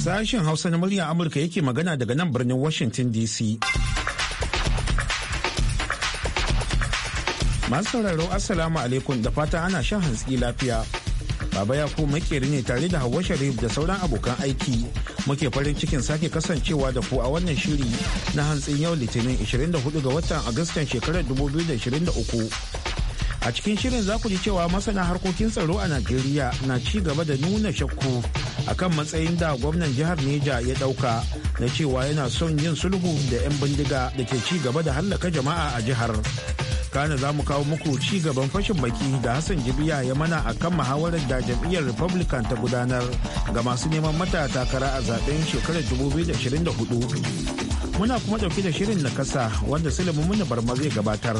Sashen Hausa na muryar Amurka yake magana daga nan birnin Washington DC. Masu sauraro Assalamu alaikum da fata ana shan hantsi lafiya. Baba ya ku makeri ne tare da Hauwa Sharif da sauran abokan aiki. Muke farin cikin sake kasancewa da ku a wannan shiri na hantsin yau Litinin 24 ga watan Agustan shekarar 2023. a cikin shirin za ku ji cewa masana harkokin tsaro a najeriya na ci gaba da nuna shakku akan matsayin da gwamnan jihar Neja ya dauka na cewa yana son yin sulhu da 'yan bindiga da ke ci gaba da hallaka jama'a a jihar. Kana za mu kawo muku ci gaban fashin baki da Hassan Jibiya ya mana a kan muhawarar da jam'iyyar Republican ta gudanar ga masu neman mata takara a zaben shekarar 2024. Muna kuma dauke da shirin na kasa wanda Sulaimu Muna Barma zai gabatar.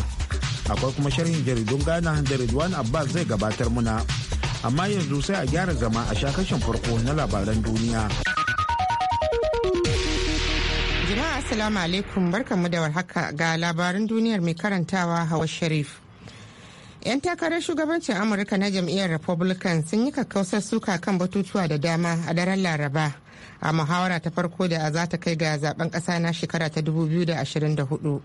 Akwai kuma shirin jaridun Ghana da Ridwan Abbas zai gabatar muna. amma yanzu sai a gyara zama a shakashin farko na labaran duniya. Jama'a Assalamu alaikum barkanmu da warhaka ga labaran duniyar mai karantawa Hawa Sharif. 'Yan takarar shugabancin Amurka na jam'iyyar Republican sun yi kakkausar suka kan batutuwa da dama a daren Laraba a muhawara ta farko da za ta kai ga zaben ƙasa na shekara ta 2024.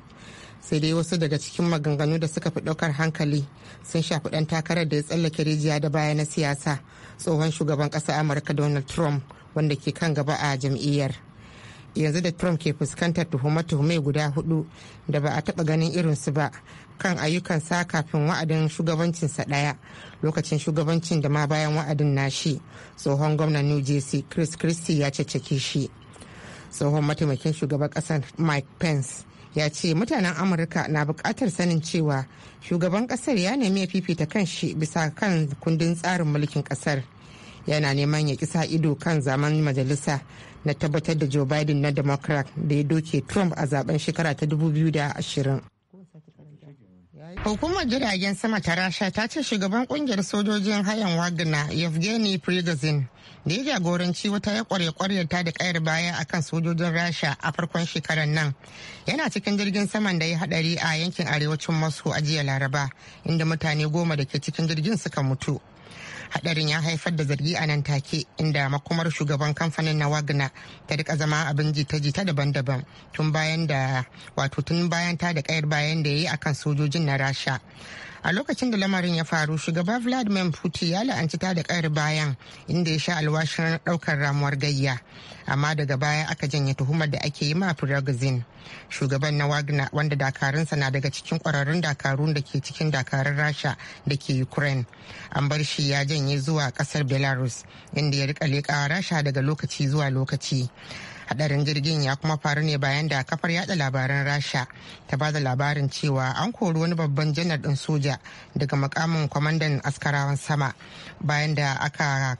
sai dai wasu daga cikin maganganu da suka fi ɗaukar hankali sun shafi ɗan takarar da ya tsallake rijiya da baya na siyasa tsohon shugaban ƙasa amurka donald trump wanda ke kan gaba a jam'iyyar yanzu da trump ke fuskantar tuhume-tuhume guda hudu da ba a taba ganin irinsu ba kan ayyukan sa kafin wa'adin shugabancinsa ɗaya lokacin shugabancin da ma bayan wa'adin nashi tsohon gwamnan new jersey chris christie ya caccake shi tsohon mataimakin shugaban kasar mike pence ya ce mutanen amurka na bukatar sanin cewa shugaban kasar ya nemi ya fifita kan shi bisa kan kundin tsarin mulkin kasar yana neman ya kisa ido kan zaman majalisa na tabbatar da joe biden na democrat da ya doke trump a zaben shekara ta 2020 Hukumar jiragen sama ta Rasha ta ce shugaban kungiyar sojojin hayan Wagner Yevgeny Prigozhin da ya jagoranci wata ya kware kwaryarta da kayar baya akan sojojin rasha a farkon shekarar nan yana cikin jirgin saman da ya hadari a yankin arewacin moscow a jiya laraba inda mutane goma da ke cikin jirgin suka mutu hadarin ya haifar da zargi a nan take inda makomar shugaban kamfanin na wagner ta rika zama abin jita-jita daban-daban tun bayan da wato tun bayan ta da kayar bayan da ya yi akan sojojin na rasha a lokacin da lamarin ya faru shugaba vladimir putin ya la'anci ta da ƙari bayan inda ya sha alwashin ɗaukar ramuwar gayya amma daga baya aka janye tuhumar da ake yi ma prigozhin shugaban na wagner wanda dakarunsa na daga cikin kwararrun dakarun da ke cikin dakarun rasha da ke ukraine an bar shi ya janye zuwa ƙasar belarus inda ya rika leƙa rasha daga lokaci zuwa lokaci hadarin jirgin ya kuma faru ne bayan da kafar yada labaran rasha ta ba da labarin cewa an kori wani babban janar din soja daga makamin kwamandan askarawan sama bayan da aka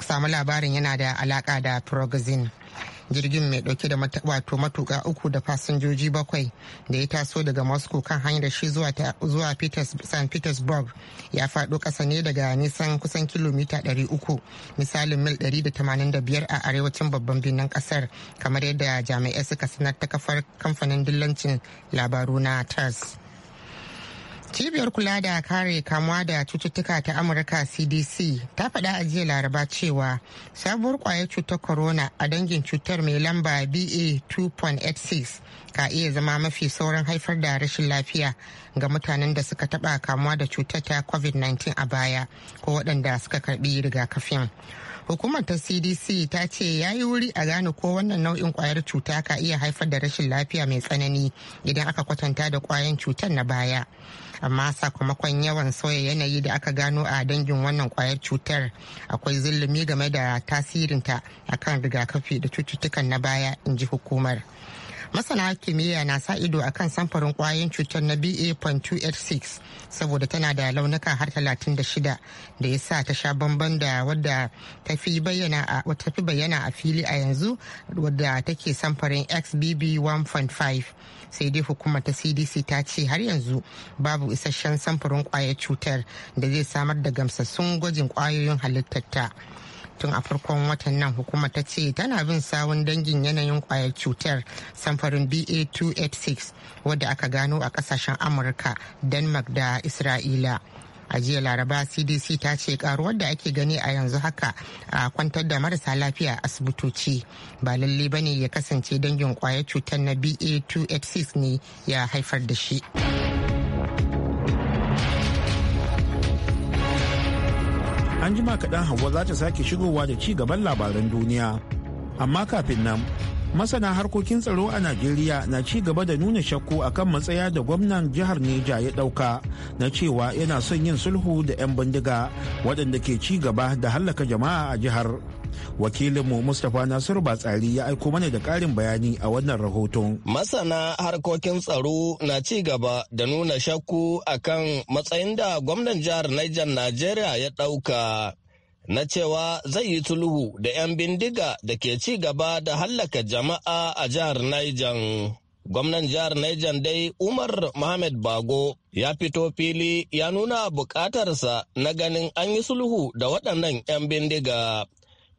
samu labarin yana da alaka da progazine jirgin mai dauke da wato matuka uku da fasinjoji bakwai da ya taso daga moscow kan hanyar shi zuwa st petersburg ya faɗo ƙasa ne daga nisan kusan kilomita 300 misalin mil 185 a arewacin babban birnin ƙasar kamar yadda jami'ai suka sanar ta kafar kamfanin dillancin labaru na tars Cibiyar kula da kare kamuwa da cututtuka ta Amurka CDC ta faɗa a jiya laraba cewa sabuwar kwayar cutar corona a dangin cutar mai lamba BA 2.86 ka iya zama mafi sauran haifar da rashin lafiya ga mutanen da suka taɓa kamuwa da cutar ta COVID-19 a baya ko waɗanda suka karɓi rigakafin. hukumar ta cdc ta ce ya yi wuri a gane ko wannan nau'in kwayar cuta ka iya haifar da rashin lafiya mai tsanani idan aka kwatanta da kwayan cutar na baya amma sakamakon yawan sauya yanayi da aka gano a dangin wannan kwayar cutar akwai zulumi game da tasirinta akan rigakafi da cututtukan na baya in ji hukumar masana kimiyya na sa ido akan samfurin kwayoyin cutar na ba.286 saboda tana da launuka har 36 da ya sa ta sha bamban da wadda ta fi bayyana a fili a yanzu wadda take samfurin xbb 1.5 sai dai hukumar ta cdc ta ce har yanzu babu isasshen samfurin kwayar cutar da zai samar da gamsassun gwajin kwayoyin halittarta. ta tun a farkon watan nan hukuma ta ce tana bin sawun dangin yanayin kwayar cutar samfarin ba286 wadda aka gano a kasashen amurka denmark da isra'ila a jiya laraba cdc ta ce karuwar da ake gani a yanzu haka a kwantar da marasa lafiya asibitoci ba lalle bane ya kasance dangin kwayar cutar na ba286 ne ya haifar da shi. An kaɗan hawa za ta sake shigowa da ci gaban labaran duniya. Amma kafin nan, masana harkokin tsaro a najeriya na ci gaba da nuna shakku akan matsaya da gwamnan jihar neja ya ɗauka na cewa yana son yin sulhu da 'yan bindiga waɗanda ke ci gaba da hallaka jama'a a jihar wakilinmu mustapha nasiru batsari ya aiko mana da ƙarin bayani a wannan rahoton masana harkokin tsaro na ci gaba da nuna shakku akan matsayin da gwamnan jihar niger najeriya ya ɗauka na cewa zai yi sulhu da 'yan bindiga da ke ci gaba da hallaka jama'a a jihar Niger. Gwamnan jihar Niger dai Umar Mohamed Bago ya fito fili ya nuna bukatarsa na ganin an yi sulhu da waɗannan 'yan bindiga.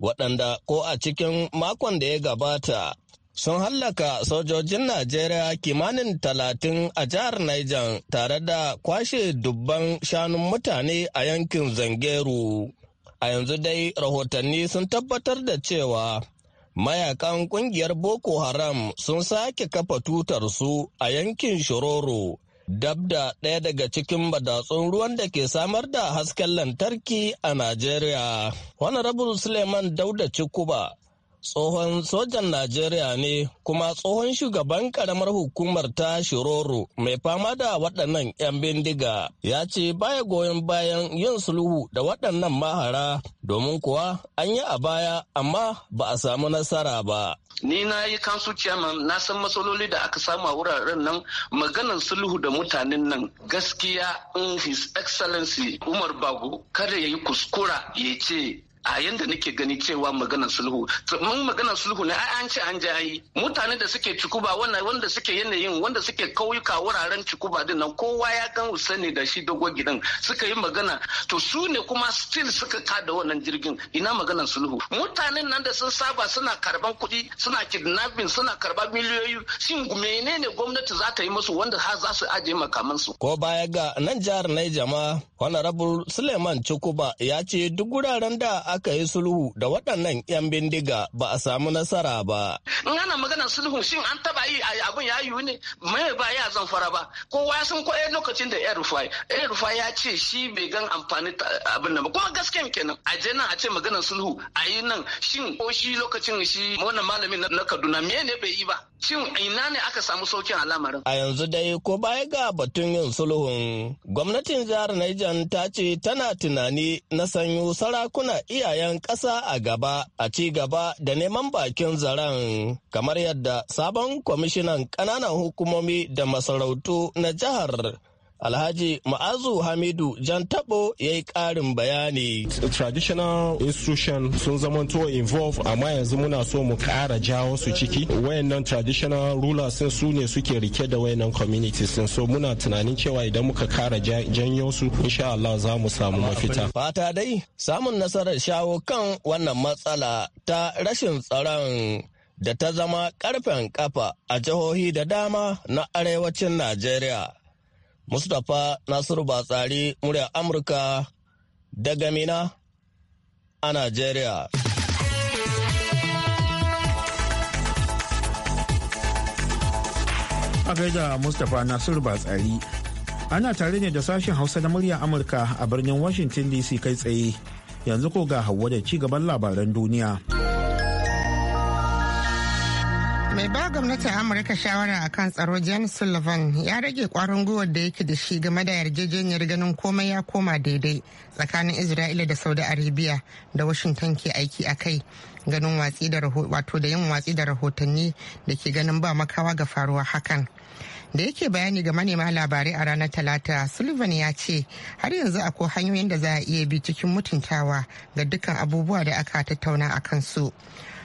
waɗanda ko a cikin makon da ya gabata sun hallaka sojojin Najeriya kimanin talatin a jihar Niger tare da kwashe dubban shanun mutane a yankin Zangeru. A yanzu dai rahotanni sun tabbatar da cewa mayakan kungiyar Boko Haram sun sake kafa tutar su a yankin Shororo dab da ɗaya daga cikin badatsun ruwan da ke samar da hasken lantarki a Najeriya. wani Rabu Suleiman Dauda Cikuba tsohon sojan Najeriya ne kuma tsohon shugaban karamar hukumar ta Shiroro mai fama da waɗannan 'yan bindiga ya ce baya goyon bayan yin sulhu da waɗannan mahara domin kuwa an yi a baya amma ba a samu nasara ba. Ni na yi kansu ciyaman na san matsaloli da aka samu a wuraren nan maganar sulhu da mutanen nan gaskiya in his excellency Umar Bago kada ya yi kuskura ya ce a yanda nake gani cewa maganar sulhu mun maganar sulhu ne an ci an jayi mutane da suke cikuba wanda suke yanayin wanda suke kauyuka wuraren cikuba din nan kowa ya gan sani da shi dogo gidan suka yi magana to su ne kuma still suka kada wannan jirgin ina maganar sulhu mutanen nan da sun saba suna karban kuɗi suna kidnapping suna karba miliyoyi shin menene gwamnati za ta yi musu wanda har za su ajiye su. ko baya ga nan jihar Niger ma honorable Suleiman Cikuba ya ce duk wuraren da aka yi sulhu da waɗannan 'yan bindiga ba a samu nasara ba. In ana magana sulhu shin an taba yi abin ya yiwu ne mai ba ya zamfara ba kowa ya san ko eh, lokacin da ya rufa ya rufa ya ce shi bai gan amfani abin nan ba kuma gaskiya kenan a je nan a ce maganar sulhu a yi nan shin ko shi lokacin shi wannan malamin na Kaduna me ne bai yi ba Shin ina ne aka samu saukin al'amarin? A yanzu dai ko baya ga batun yin sulhun. Gwamnatin jihar Niger ta ce tana tunani na sanyo sarakuna iyayen ƙasa a gaba a ci gaba da neman bakin zaren. Kamar yadda sabon kwamishinan ƙananan hukumomi da masarautu na jihar Alhaji Ma'azu Hamidu Jan Tabo ya yi ƙarin bayani. Traditional institution sun zamanto involve amma yanzu muna so mu ƙara jawo su ciki. Wayannan traditional rulers sun su ne suke rike da wayannan communities sun so muna tunanin cewa idan muka ƙara janyo su insha Allah za mu samu mafita. Fata dai samun nasarar shawo kan wannan matsala ta rashin tsaron da ta zama karfen ƙafa a jihohi da dama na arewacin Najeriya. Mustapha Nasiru Batsari murya Amurka daga Mina a Najeriya. A gaida Mustapha Nasiru Batsari. Ana tare ne da sashen Hausa na murya Amurka a birnin Washington DC kai tsaye. Yanzu ko ga hawa da ci gaban labaran duniya. mai ba gwamnatin amurka shawara a kan tsaro jan sullivan ya rage kwarin gwiwar da yake da shi game da yarjejeniyar ganin komai ya koma daidai tsakanin isra'ila da saudi arabia da washington ke aiki a kai ganin watsi da wato da yin watsi da rahotanni da ke ganin ba makawa ga faruwa hakan da yake bayani ga manema labarai a ranar talata sullivan ya ce har yanzu akwai hanyoyin da za a iya bi cikin mutuntawa ga dukkan abubuwa da aka tattauna a kansu. su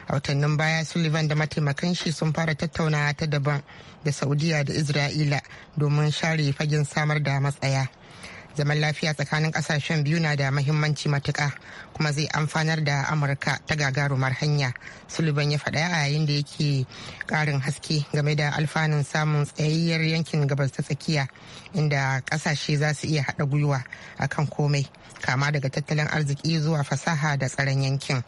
a watannin baya sullivan da mataimakan shi sun fara tattaunawa ta daban da saudiya da isra'ila domin share fagen samar da matsaya zaman lafiya tsakanin kasashen biyu na da mahimmanci matuka kuma zai amfanar da amurka ta gagarumar hanya sullivan ya faɗa a yayin da yake ƙarin haske game da alfanun samun tsayayyar yankin gabas ta tsakiya inda ƙasashe za su iya haɗa gwiwa akan komai kama daga tattalin arziki zuwa fasaha da tsaron yankin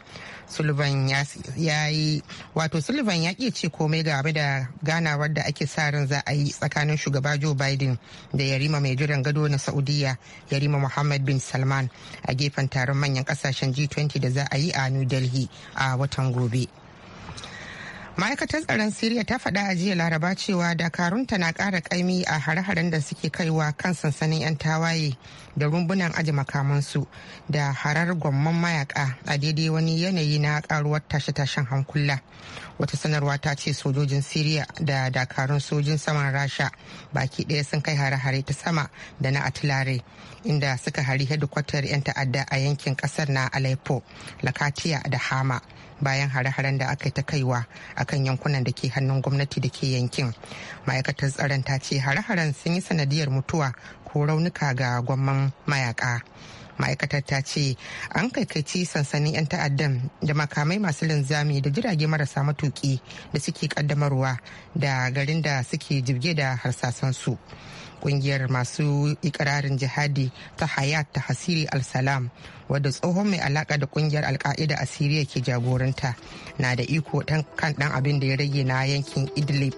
sullivan ya yi wato sullivan ya ce komai game da ganawar da ake sa ran za a yi tsakanin shugaba joe biden da yarima mai jiran gado na saudiya yarima muhammad bin salman a gefen taron manyan ƙasashe kasashen G20 da za a yi a New Delhi a watan gobe. ma'aikatar tsaron siriya ta faɗa a jiya laraba cewa dakarunta na ƙara kaimi a hare-haren da suke kaiwa kan sansanin 'yan tawaye da rumbunan aji makamansu da harar gwamman mayaka a daidai wani yanayi na ƙaruwar tashe-tashen hankula wata sanarwa ta ce sojojin siriya da dakarun sojin saman rasha baki ɗaya sun kai hare-hare ta sama da na atilare inda suka hari hedikwatar 'yan ta'adda a yankin kasar na aleppo lakatiya da hama bayan hare-haren da aka yi ta kaiwa a kan yankunan da ke hannun gwamnati da ke yankin ma'aikatar tsaron ta ce hare-haren sun yi sanadiyar mutuwa ko raunuka ga gwamman mayaka ma'aikatar ta ce an kaikaici sansanin 'yan ta'addan da makamai masu linzami da jirage marasa matuki da suke kaddamarwa da garin da suke jirge da harsasansu kungiyar masu ikirarin jihadi ta hayat ta hasiri al-salam wadda tsohon mai alaka da kungiyar alka'ida a siriya ke jagoranta na da iko dan kan dan abin da ya rage na yankin idlib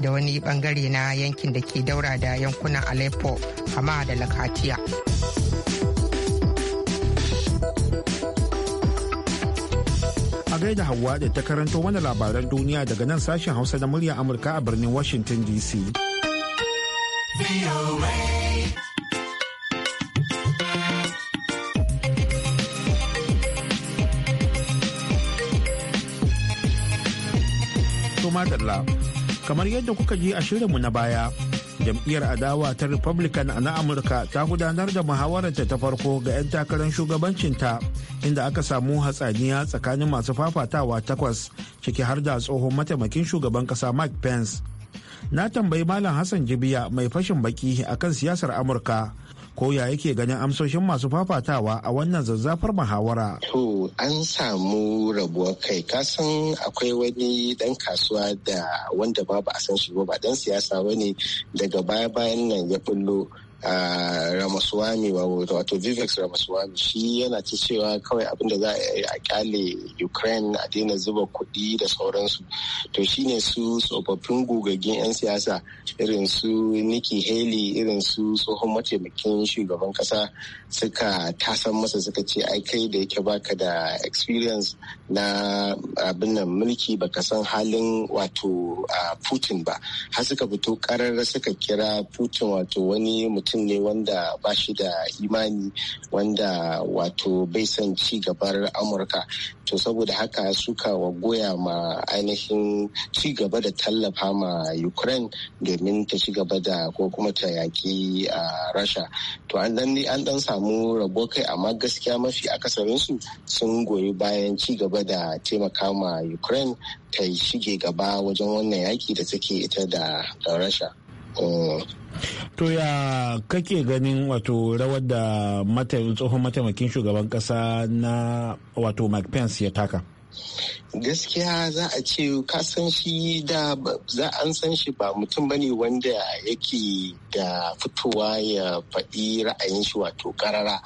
da wani bangare na yankin da ke daura da yankunan aleppo hama da lakatiya a gaida hawa da ta karanto wani labaran duniya daga nan sashen hausa da murya amurka a birnin washington dc madalla kamar yadda kuka ji a shirinmu na baya jam'iyyar adawa ta republican na amurka ta gudanar da muhawararta ta farko ga 'yan takarar shugabancinta inda aka samu hatsaniya tsakanin masu fafatawa takwas ciki har da tsohon mataimakin shugaban kasa mike pence na tambayi malam hassan jibiya mai fashin baki akan siyasar amurka ko ya yake ganin amsoshin masu fafatawa a wannan zazzafar muhawara. To an samu rabuwar kai kasan akwai wani dan kasuwa da wanda babu a san shi ba dan siyasa wani daga baya bayan nan ya kullo. Ah, Ramaswami wato vivex Ramaswami shi yana ta cewa kawai abin da za a kyale ukraine a daina zuba kuɗi da sauransu to shine su tsofaffin gogaggen 'yan siyasa irin su nikki haley irin su tsohon mataimakin shugaban kasa suka tasan masa suka ce ai kai da yake baka da experience na abin nan mulki baka san halin wato putin ba har suka fito karar suka kira putin wato wani mutum ne wanda ba shi da imani wanda wato bai san ci gabar amurka to saboda haka suka wa goya ma ainihin ci gaba da tallafa ma ukraine domin ta ci gaba da ko kuma ta yaƙi a rasha to an dan samu rabo kai amma gaskiya mafi akasarinsu sun goyi bayan ci gaba gaba da taimaka ma ukraine ta shige gaba wajen wannan yaki da take ita da rasha mm. To ya kake ganin wato rawar da tsohon mataimakin shugaban kasa na wato Mike Pence ya taka? gaskiya za a ce ka san shi da za an san shi ba mutum bane wanda yake da fitowa ya faɗi ra'ayin shi wato karara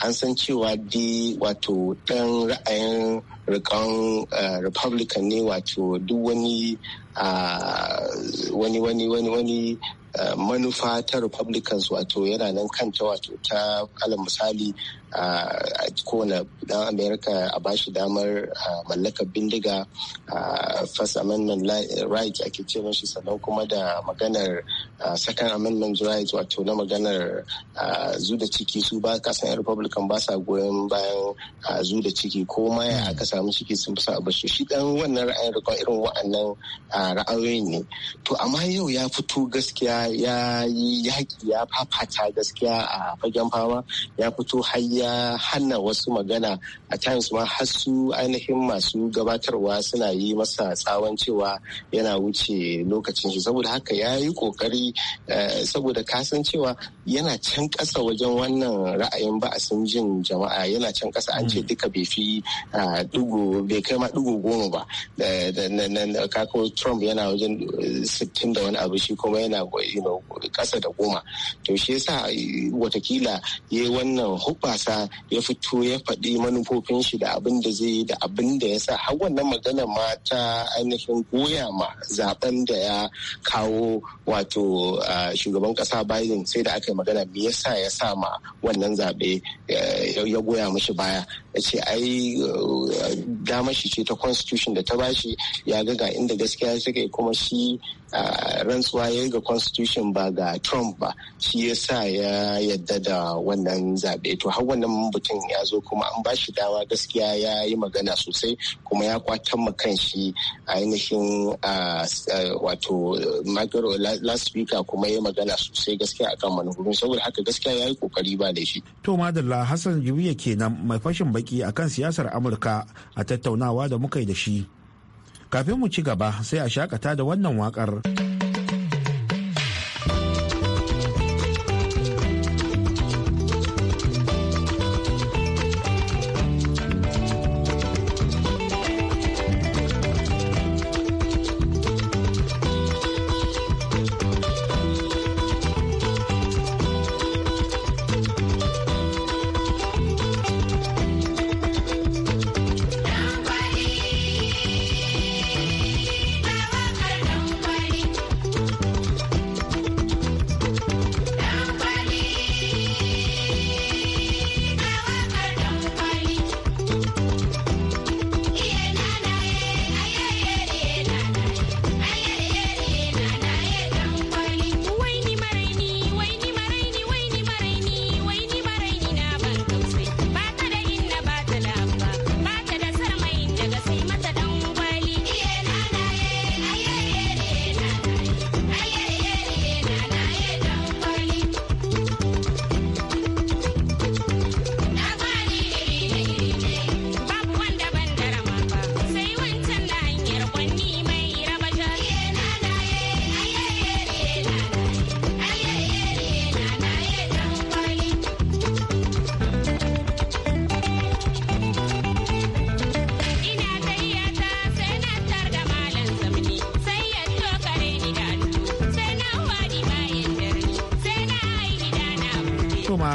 an san cewa dai wato ɗan ra'ayin rikon eh, republican ne wato duk wani ah, wani wani wani wani eh, manufa ta republicans wato yana nan kanta wato ta alal misali a ah, kona kowane dan america a bashi damar ah, mallakar bindiga first amendment right ake ce mashi sannan kuma da maganar second amendment right wato na maganar zu ciki su ba kasan republican ba sa goyon bayan zu ciki ko ma ya kasa alamu suke sun fi shi dan wannan ra'ayin rikon irin wa'annan ra'ayoyin ne to amma yau ya fito gaskiya ya yi yaƙi ya fafata gaskiya a fagen fama ya fito har ya hana wasu magana a times ma har su ainihin masu gabatarwa suna yi masa tsawon cewa yana wuce lokacin shi saboda haka ya yi kokari eh, saboda kasan cewa yana can ƙasa wajen wannan ra'ayin ba a sun jin jama'a yana can ƙasa an ce mm. duka bai fi dugo bai kai ma digo goma ba eh, kako trump yana wajen eh, sittin da wani abu shi kuma yana kasa da goma to shi yasa eh, watakila ya wannan hubasa ya fito ya faɗi manufofin shi da abin da zai yi da abin da ya sa har wannan magana ma ta ainihin goya ma zaben da ya kawo wato shugaban kasa biden sai da aka yi magana me yasa ya sa ma wannan zaɓe ya goya mishi baya ya ce ai damar shi ce ta constitution da ta bashi ya ga ga inda gaskiya suke yi kuma shi rantsuwa ya yi ga constitution ba ga trump ba shi ya sa ya yadda da wannan zaɓe to har wannan mutum ya zo kuma an ba shi dawa gaskiya ya yi magana sosai kuma ya kwatan ma kan shi ainihin wato magaro last speaker kuma ya yi magana sosai gaskiya a kan manufurin saboda haka gaskiya ya yi kokari ba da shi. to madalla hassan jibiya kenan mai fashin baki akan siyasar amurka a tattaunawa da muka yi da shi. Kafin mu ci gaba sai a shakata da wannan waƙar.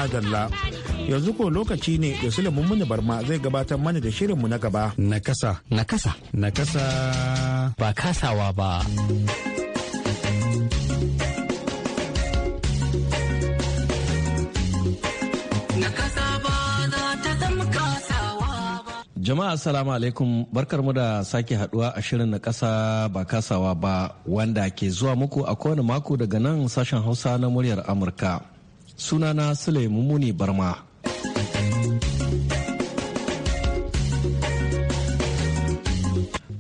madalla yanzu ko lokaci ne da sulamun muni barma zai gabatar mana da shirinmu na gaba nakasa nakasa nakasa ba kasawa ba Jama'a salamu alaikum barkarmu da sake haduwa a shirin na kasa ba kasawa ba wanda ke zuwa muku a kowane mako daga nan sashen hausa na muryar Amurka. sunana Sulaimu Muni Barma.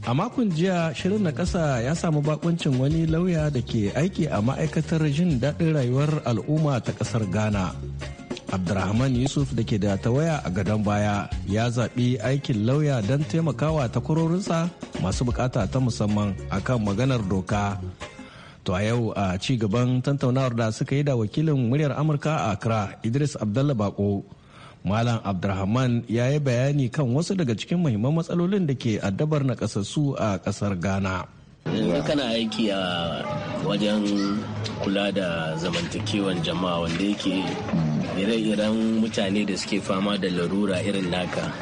A makon jiya shirin na kasa ya samu bakuncin wani lauya da ke aiki a ma'aikatar jin daɗin rayuwar al'umma ta ƙasar Ghana. abdulrahman Yusuf da ke da tawaya a gadon baya ya zaɓi aikin lauya don taimakawa takwarorinsa masu bukata ta musamman akan maganar doka To a yau a ci gaban tantaunawar da suka yi da wakilin muryar Amurka a Accra Idris Abdallah Bako. Malam Abdulrahman ya yi bayani kan wasu daga cikin muhimman matsalolin da ke addabar na nakasassu a kasar Ghana. Yanzu kana aiki a wajen kula da zamantakewan jama'a wanda yake ire-iren mutane da suke fama da larura irin naka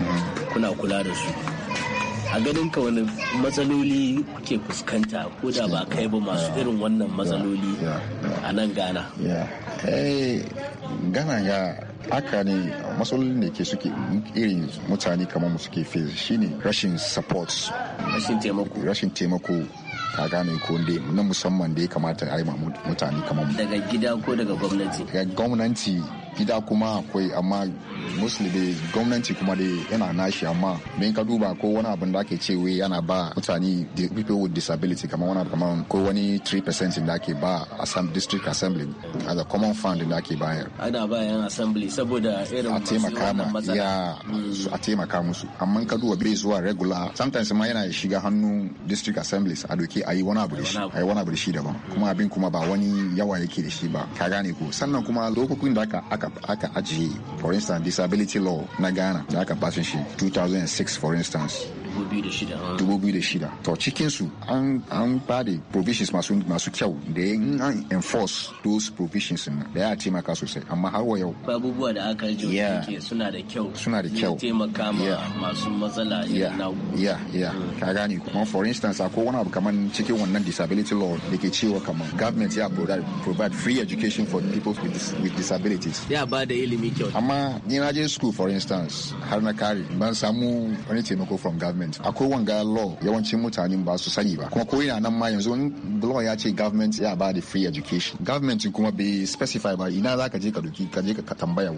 kuna kula da su. a ganin ka wani matsaloli ke fuskanta ko da ba kai ba masu irin wannan matsaloli a nan gana eh, Gana ya haka ne matsalolin da ke suke irin mutane kamar mu suke face shine rashin support rashin taimako rashin taimako gane ko ne na musamman da ya kamata a yi mutane kamar mu daga gida ko daga gwamnati daga gwamnati gida kuma akwai amma mostly dai gwamnati kuma dai yana nashi amma bin ka duba ko wani abin da ake ce wai yana ba mutane people with disability kamar wani kamar ko wani 3% da ake ba a district assembly as a common fund da ake bayar ana ba yan assembly saboda irin a taimaka ma ya a taimaka musu amma ka duba bai zuwa regular sometimes ma yana shiga hannu district assemblies a doke a wani abu da shi a yi wani abu da shi daban kuma abin kuma ba wani yawa yake da shi ba ka gane ko sannan kuma lokacin da aka aka ajiye for instance disability law na ghana da aka basu shi 2006 for instance 2006 to su an ba da provisions masu masu kyau da in an enforce those provisions da ya taimaka sosai amma har wa yau abubuwa da aka ji ke suna da kyau suna da kyau taimaka ma masu matsala ya ya ya ka gane kuma for instance akwai wani abu kamar cikin wannan disability law da ke cewa kamar government ya provide free education for people with disabilities ya ba da ilimi kyau amma ni na je school for instance har na kare ban samu wani taimako from government government akwai wanga law yawancin mutanen ba su sani ba kuma ko ina nan ma yanzu in law ya ce government ya ba da free education government kuma be specify ba ina za ka je ka doki ka je ka tambaya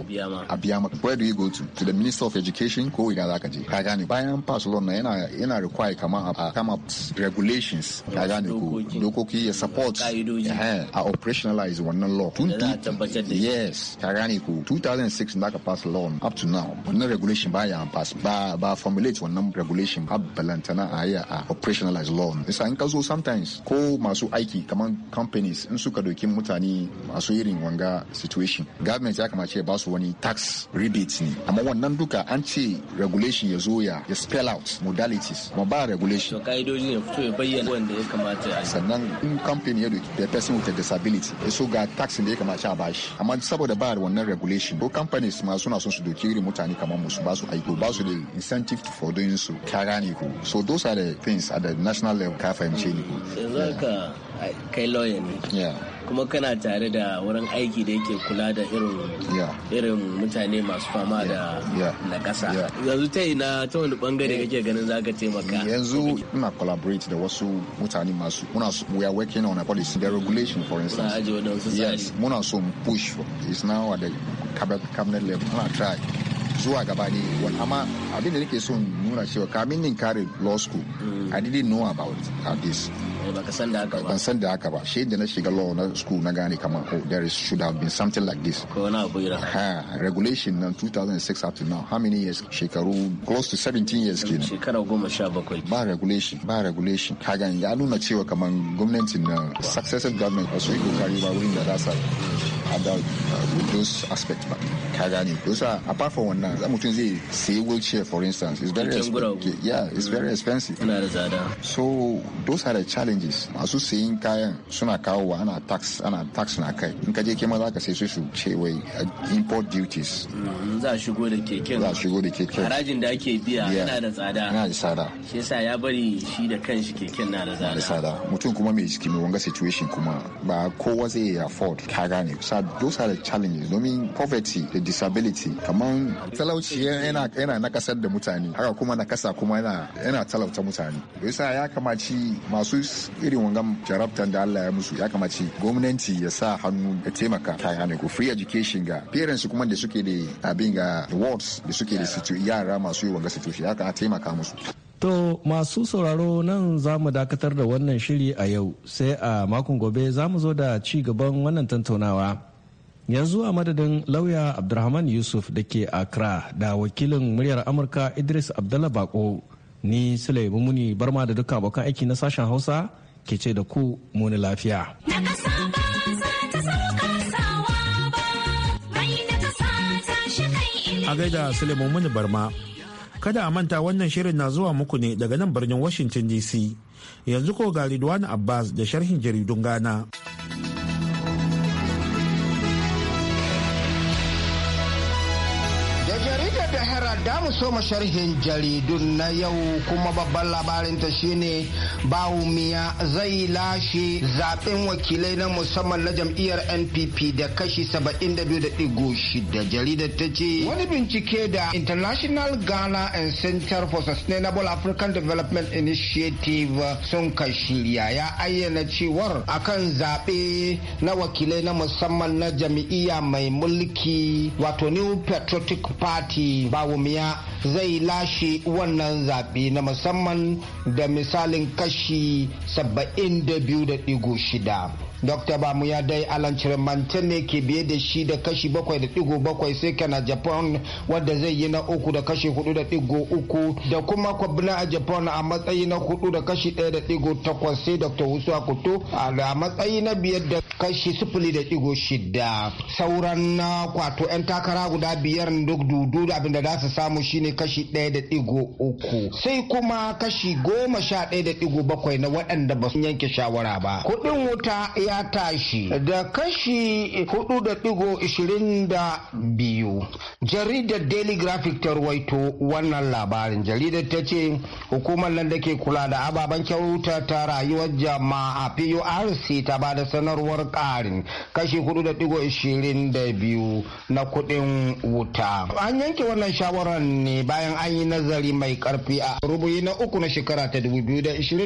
a biya maka where do you go to to the minister of education ko ina za ka je ka gane bayan pass law na yana yana require kama a come up regulations ka gane ko dokoki ya support eh, a operationalize wannan law tun yes ka gane ko 2006 n'a ka pass law up to now wannan regulation ba ya pass ba ba formulate wannan regulation shi har balantana a ah, yi a ah, operationalize loan isa in ka zo sometimes ko masu aiki kamar companies in suka doki mutane masu irin wanga situation government ya kamace ba su wani tax rebate ne amma wannan duka an ce regulation ya zo ya ya spell out modalities ma ba regulation to kaidoji ne fito ya bayyana wanda ya kamata a sannan in company ya doki the person with a disability ya so ga tax da ya kamace a bashi amma saboda ba wannan regulation ko companies ma suna son su doki irin mutane kamar musu ba su aiki ba su da incentive for doing so gane ku so those are the things at the national level ka fahimce ni ku yanzu ka kai lawyer ne kuma kana tare da wurin aiki da yake kula da irin irin mutane masu fama da na kasa yanzu ta ina ta wani bangare kake ganin zaka taimaka yanzu ina collaborate da wasu mutane masu muna we are working on a policy the regulation for instance yes muna so push is it's now at the cabinet level muna try zuwa gaba ne amma abin da nake so nuna cewa kamin kare law school mm. i didn't know about this ban san da haka ba shi da na shiga law na school na gane kamar oh there is should have been something like this ha regulation nan 2006 up to now how many years shekaru close to 17 years kenan shekara goma sha bakwai ba regulation ba regulation ya nuna cewa kamar gwamnatin na successive government ba su yi kokari ba wurin da about those aspects ba ka apart from wannan mutum zai sayi wheelchair for instance is very wajen yeah it's very mm. expensive yana da tsada so those are the challenges masu sayin kayan suna kawowa ana tax ana tax na kai in ka je ke za ka sai su ce wai uh, import duties mm, za a shigo da keken za a shigo da keken harajin da ake biya yana da tsada yana da tsada shi yasa ya bari shi da kanshi keken na da tsada da tsada mutum kuma mai jiki mai wanga situation kuma ba kowa zai afford ka gane So those are the challenges domin poverty da disability Kaman. talauci yana yana nakasar da mutane haka kuma nakasa kuma yana yana talauta mutane yasa ya kamaci masu irin wangan jarabtan da Allah ya musu ya kamaci gwamnati ya sa hannu ya taimaka ta gane ko free education ga parents kuma da suke da abin ga wards da suke da yara masu yi wanga situ ya a taimaka musu To masu sauraro nan za mu dakatar da wannan shiri a yau sai a makon gobe za mu zo da ci gaban wannan tantaunawa. yanzu a madadin lauya abdulrahman yusuf da ke accra da wakilin muryar amurka idris abdallah bako ni sulaimu muni barma da duka abokan aiki na sashen hausa ke ce da ku muni lafiya a gaida sulaimu muni barma kada a manta wannan shirin na zuwa muku ne daga nan birnin washington dc yanzu ko ga ridwan abbas da sharhin jaridun gana. da mu so sharhin jaridun na yau kuma babban labarinta shine bawumiya zai lashe zaben wakilai na musamman na jam'iyyar npp da kashi 72.6 jaridar ta ce wani bincike da international ghana and center for sustainable african development initiative sun shirya ya ayyana cewar akan zaɓe na wakilai na musamman na jam'iyya mai mulki wato new patriotic party miya zai lashe wannan zaɓe na musamman da misalin kashi 72.6. dr bamuya dai alan cirmanta ne ke biye da shi da kashi bakwai da digo bakwai sai kana japan wadda zai yi na uku da kashi hudu da digo uku da kuma kwabna a japan a matsayi na hudu da kashi daya da digo takwas sai dr husu akuto a matsayi na biyar da kashi sifili da digo shida sauran na kwato yan takara guda biyar duk dudu da abinda za su samu shine kashi daya da digo uku sai kuma kashi goma sha daya da digo bakwai na waɗanda ba su yanke shawara ba kuɗin wuta ya tashi da kashi 4.22 jaridar daily graphic ta ruwaito wannan labarin jaridar ta ce hukumar nan da ke kula da ababen kyauta ta rayuwar jama'a PURC ta ba da sanarwar karin kashi 4.22 na kudin wuta an yanke wannan shawarar ne bayan an yi nazari mai karfi a rubuyi na uku na shekara ta 2023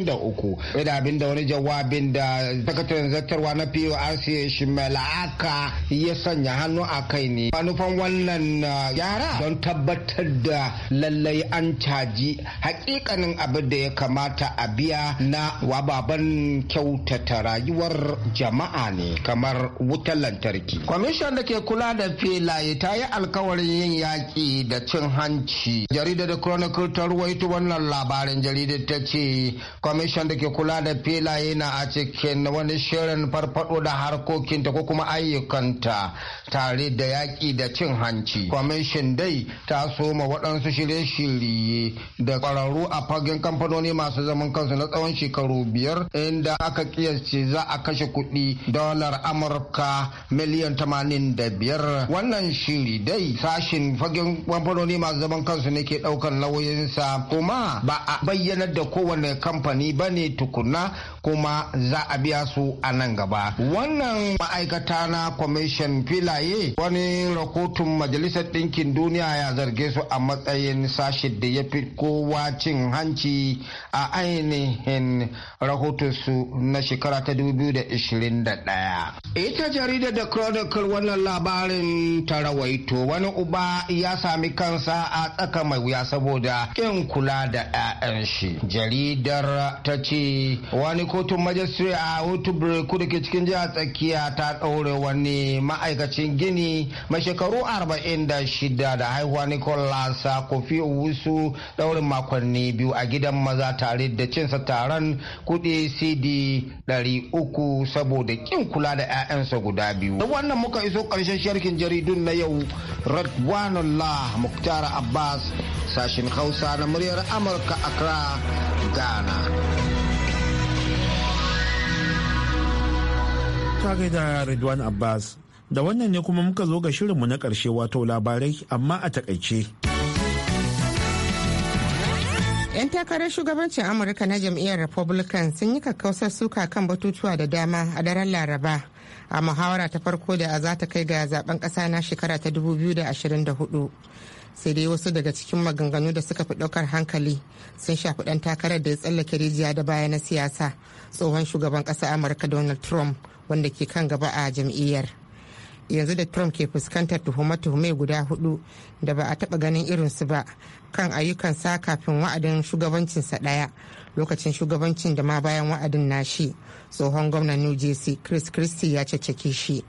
da abin da wani jawabin da sakataren fitarwa na PORC shi mala'aka ya sanya hannu a kai ne. Manufan wannan uh, yara don tabbatar da lallai an caji hakikanin abin da ya kamata a biya na wababan kyautata rayuwar jama'a ne kamar wutar lantarki. Kwamishin da ke kula da filaye ta yi alkawarin yin yaƙi da cin hanci. Jaridar da Chronicle ta ruwaito wannan labarin jaridar ta ce kwamishin da ke kula da filaye na a cikin wani shirin wajen farfado da harkokinta ko kuma ayyukanta tare da yaƙi da cin hanci. Kwamishin dai ta soma waɗansu shirye-shirye da ƙwararru a fagen kamfanoni masu zaman kansu na tsawon shekaru biyar inda aka ƙiyasce za a kashe kuɗi dalar Amurka miliyan tamanin da biyar. Wannan shiri dai sashin fagen kamfanoni masu zaman kansu ne ke ɗaukar nauyinsa kuma ba a bayyanar da kowane kamfani ba ne tukuna kuma za a biya su a nan nan gaba wannan ma'aikata na kwamishin filaye wani rahoton majalisar ɗinkin duniya ya zarge su a matsayin sashi da ya fi kowa cin hanci a ainihin rahotonsu na shekara ta 2021 ita jaridar da chronicle wannan labarin ta rawaito wani uba ya sami kansa a tsaka mai wuya saboda kin kula da 'ya'yan shi jaridar ta ce wani kotun majalisar a hutu da ke cikin jihar tsakiya ta ɗaure wani ma'aikacin gini mai shekaru 46 da haihuwa nicolas kofi wusu ɗaurin makonni biyu a gidan maza tare da cinsa taron kuɗi cd 300 saboda kin kula da 'ya'yansa guda biyu da wannan muka iso karshen sharkin jaridun na yau radwanullah muktar abbas sashin hausa na muryar amurka accra ghana Ta gaida Ridwan Abbas. Da wannan ne kuma muka zo ga shirinmu na karshe wato labarai amma a takaice. 'Yan takarar shugabancin Amurka na jam'iyyar Republican sun yi kakkausar suka kan batutuwa da dama a daren Laraba a muhawara ta farko da a za ta kai ga zaben ƙasa na shekara ta 2024. sai dai wasu daga cikin maganganu da suka fi ɗaukar hankali sun shafi ɗan takarar da ya tsallake rijiya da baya na siyasa tsohon shugaban ƙasa amurka donald trump wanda ke kan gaba a jam'iyyar yanzu da trump ke fuskantar tuhume-tuhume guda hudu da ba a taba ganin irinsu ba kan ayyukan sa kafin wa'adin shugabancinsa daya lokacin shugabancin da ma bayan wa'adin nashi tsohon gwamnan new jersey chris christie ya caccake shi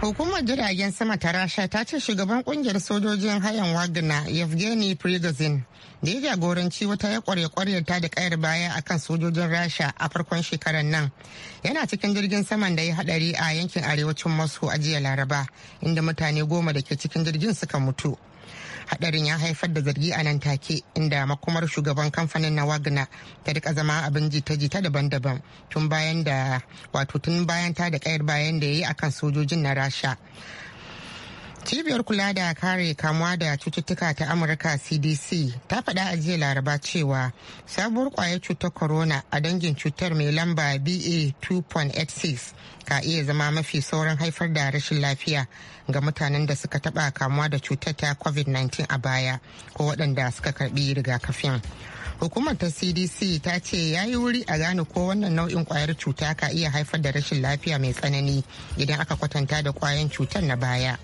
Hukumar jiragen sama ta Rasha ta ce shugaban kungiyar sojojin hayan Wagner Yevgeny Prigozhin da ya jagoranci wata ya kware ta da kayar baya akan sojojin Rasha a farkon shekarar nan. Yana cikin jirgin saman da ya hadari a yankin arewacin Moscow a jiya Laraba inda mutane goma da ke cikin jirgin suka mutu. hadarin ya haifar da zargi a nan take inda makomar shugaban kamfanin na wagner ta rika zama abin jita-jita daban-daban tun bayan da wato tun bayan ta da kayar bayan da ya yi akan sojojin na rasha Cibiyar kula da kare kamuwa da cututtuka ta Amurka CDC ta faɗa a jiya laraba cewa sabuwar kwayar cutar corona a dangin cutar mai lamba BA 2.86 ka iya zama mafi sauran haifar da rashin lafiya ga mutanen da suka taɓa kamuwa da cutar ta COVID-19 a baya ko waɗanda suka karɓi rigakafin. hukumar ta cdc ta ce ya yi wuri a gane ko wannan nau'in kwayar cuta ka iya haifar da rashin lafiya mai tsanani idan aka kwatanta da kwayan cutar na baya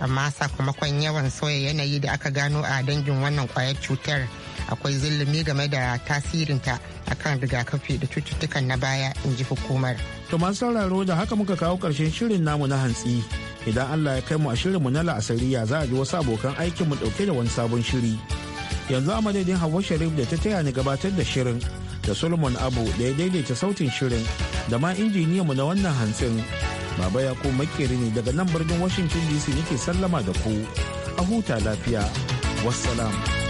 amma sakamakon yawan sauya yanayi da aka gano a dangin wannan kwayar cutar akwai zulumi game da tasirinta akan rigakafi da cututtukan na baya in ji hukumar. to masu sauraro da haka muka kawo karshen shirin namu na hantsi idan allah ya kai mu a shirinmu na la'asariya za a ji wasu abokan mu dauke da wani sabon shiri yanzu a madadin hawa sharif da ta taya ni gabatar da shirin da solomon abu da ya daidaita sautin shirin da ma mu na wannan hantsin Baba ya ko makeri ne daga nan birnin Washington DC yake sallama da ku. A huta lafiya. Wassalam.